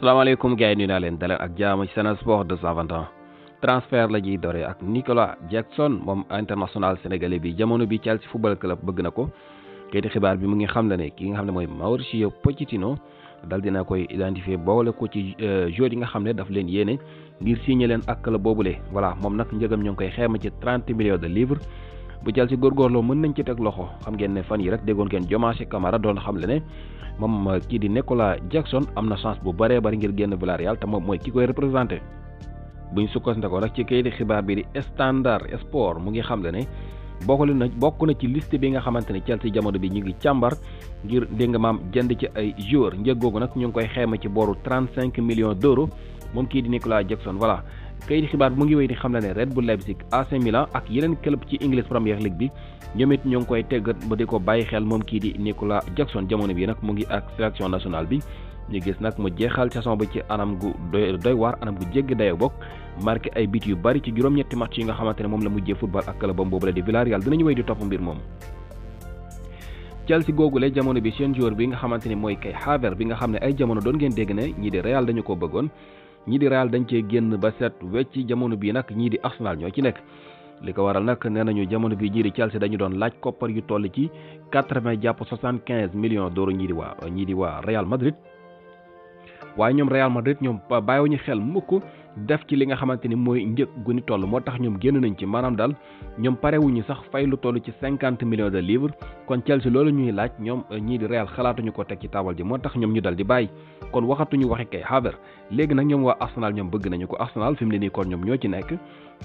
salaamaaleykum gars yi nuyu naa leen daleen ak jaamu ci Sen Sport 221 transfert la ñuy doree ak Nicolas Jackson moom international sénégalais bi jamono bi Chelsea football club bëgg na ko kayiti xibaar bi mu ngi xam la ne ki nga xam ne mooy Mauricio Pochettino dal dina koy identifier boole ko ci euh, joueur yi nga xam ne daf leen yéene ngir signé leen ak la boobule voilà moom nag njëgam ñoo ngi koy xeema ci 30 millions de livres bu Chelsea góorgóorloo mën nañ ci teg loxo xam ngeen ne fan yi rek déggoon ngeen Diomaye Camara doon xam la ne moom kii di Nicolas Jackson am na chance bu baree bari ngir génn Villarreal te moom mooy ki koy représenté buñ sukkandikoo rek ci kayiti xibaar bi di Standard Sport mu ngi xam le ne bokkali na bokk na ci liste bi nga xamante ne Chelsea jamono bi ñu ngi càmbar ngir dégg nga maam jënd ci ay joueurs njëg googu nag ñu ngi koy xayma ci booru 35 millions d' euros moom kii di Nicolas Jackson voilà kayit xibaar mu ngi wéy di xam la ne Red Bull Leipzig AC Milan ak yeneen club ci English Premier League bi ñoom it ñoo ngi koy teggat di ko bàyyi xel moom kii di Nicolas Jackson jamono bi nag mu ngi ak sélection nationale bi ñu gis nag mu jeexal saison bi ci anam gu doy waar anam gu jéggi dayo bokk marqué ay bit yu bari ci juróom-ñetti match yi nga xamante ne moom la mujjee football ak clubam boobu la di Villarreal dinañu wéy di topp mbir moom jamono bi seen joueur bi nga xamante ne mooy Kai Havertz nga xam ne ay jamono doon ngeen dégg ne ñii di Real dañu bëggoon ñii di Real dañ cee génn ba set wecc jamono bii nag ñii di Arsenal ñoo ci nekk li ko waral nag nee nañu jamono bi ñii di Chelsea dañu doon laaj koppar yu toll ci quatre-vingt jàpp soixante-quinze millions d'euros ñii di waa ñii di waa Real Madrid waaye ñoom Real Madrid ñoom bàyyiwuñu xel mukk def ci li nga xamanteni moy mooy njëg gu ni toll moo tax ñoom génn nañ ci dal ñom paré wuñu sax fay lu toll ci 50 millions de livres kon Chelsea lolu ñuy laaj ñom euh, ñi di Real xalaatuñu ko tek ci taabal ji moo tax ñu dal di bay kon waxatuñu waxe kay Haver léegi nak ñom wa Arsenal ñom bëgg nañu ko Arsenal fim leni kon ñom ñoo ci nekk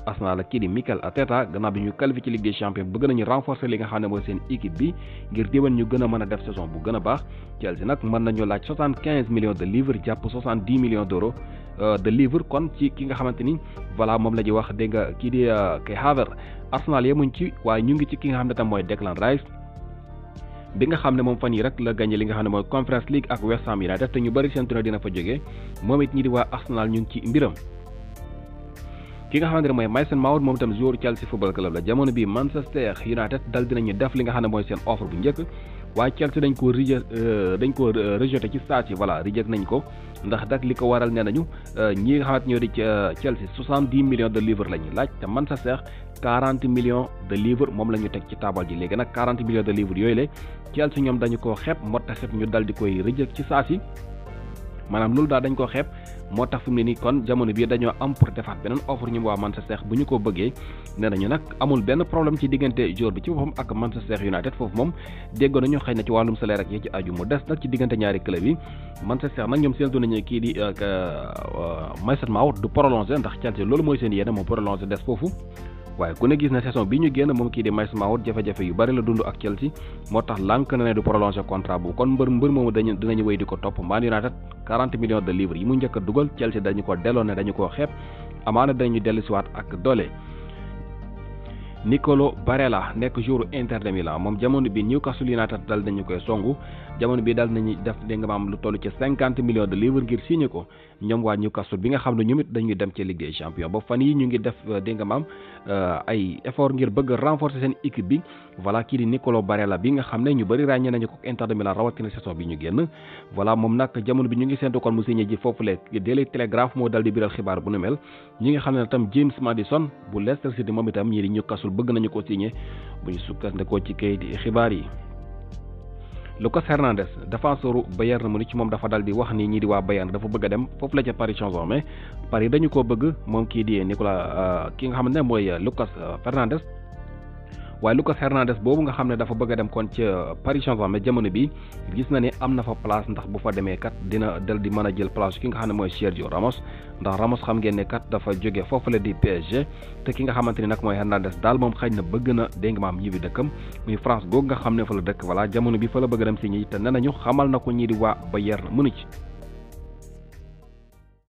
Arsenal ak kii di Mikel Arteta gëna bi ñu kalfi ci Ligue des Champions bëgg nañu renforcer li nga xamne mo seen équipe bi ngir déwén ñu gëna mëna def saison bu gëna baax Chelsea nak mën nañu laaj 75 millions de livres japp 70 millions d'euros Euh, de livre kon ci ki nga xamante ni voilà moom la ñuy wax dégg nga kii di euh, Kay Havertz Arsenal yemuñ ci waaye ñu ngi ci ki nga xam ne tam mooy Declan Rice bi nga xam ne moom fan yi rek la gagné li nga xam ne mooy Conference League ak West Ham United te ñu bari seentu ne dina fa jógee moom it ñi di waa Arsenal ñu ngi ci mbiram ki nga xamante ne mooy Mason Mount moom itam joueur Chelsea football club la jamono bii Manchester United dal dinañu def li nga xam ne mooy seen offre njëkk waaye Chelsea dañ ko reje euh, dañ ko euh, rejeté ci saa si voilà rejet nañ ko ndax dak li ko waral nee nañu euh, ñi nga xamante ñoo di Chelsea soixante dix millions de livres la ñuy laaj te Manchester quarante millions de livres moom la ñu teg ci taabal ji léegi nag quarante millions de livres yooyu la Chelsea ñoom dañu ko xeeb moo taxit ñu dal di koy rejet ci saa si maanaam loolu daal dañ ko xeeb moo tax fi mu ne ni kon jamono bii dañoo am pour defaat beneen offre ñu waa Manchester bu ñu ko bëggee nee ñu nag amul benn problème ci diggante jour bi ci boppam ak Manchester United foofu moom déggoo nañu xëy na ci wàllum salaire ak yi ci aju mu des nag ci diggante ñaari club yi Manchester nag ñoom séentu nañu kii di euh, euh, Mason Mount du prolongé ndax Chelsea loolu mooy seen yéene moo prolongé des foofu waaye ku ne gis na saison bi ñu génn moom kii di Maïs Mawone jafe-jafe yu bari la dund ak Chelsea moo tax lànk na ne du prolonger contrat bu kon mbër mbër moomu dañu dinañu wéy di ko topp Man United 40 millions de livres yi mu njëkk dugal Chelsea dañu ko delloo ne dañu koo xeeb amaana dañu dellusiwaat ak dole Nicolo Barella nek jour Inter de Milan mom jamono bi Newcastle United dal nañu koy songu jamono bi dal nañ def de nga am lu tollu ci 50 millions de livres ngir signé ko ñom wa Newcastle bi nga xam ne ñoom dañuy dem ci Ligue des Champions ba fan yi ñu ngi def euh, de nga am euh, ay effort ngir bëgg renforcer sen équipe bi voilà ki di Nicolo Barella bi nga xam ne ñu bari ràññee nañ ko Inter de Milan rawatina saison bi ñu genn voilà mom nak jamono bi ñu ngi sentu kon mu signé ji fofu le délai télégraphe mo dal di biral xibaar bu nu mel ñi nga xam tam James Madison bu Leicester City moom itam di Newcastle bëgg nañu ko signé bu ñu sukkandikoo ci kayiti xibaar yi. Lucas Hernandez na Bayern Munich moom dafa dal di wax ni ñii di waa Bayern dafa bëgg dem foofu la ca Paris Saint-Germain Paris dañu koo bëgg moom kii di Nicolas euh, ki nga xam ne mooy Lucas Hernandez euh, waaye Lucas Hernandez boobu nga xam ne dafa bëgg a dem kon ca Paris Saint-Germain jamono bi gis na ne am na fa place ndax bu fa demee kat dina dal di mën a jël place ki nga xam ne mooy Sergio Ramos ndax Ramos xam ngeen ne kat dafa jóge foofu la di PSG te ki nga xamante ni nag mooy Hernandez daal moom xëy na bëgg na dégg nga maam ñibbi dëkkam muy France googu nga xam ne fa la dëkk voilà jamono bi fa la bëgg dem si ñi te nee nañu xamal na ko ñii di waa Bayern Munich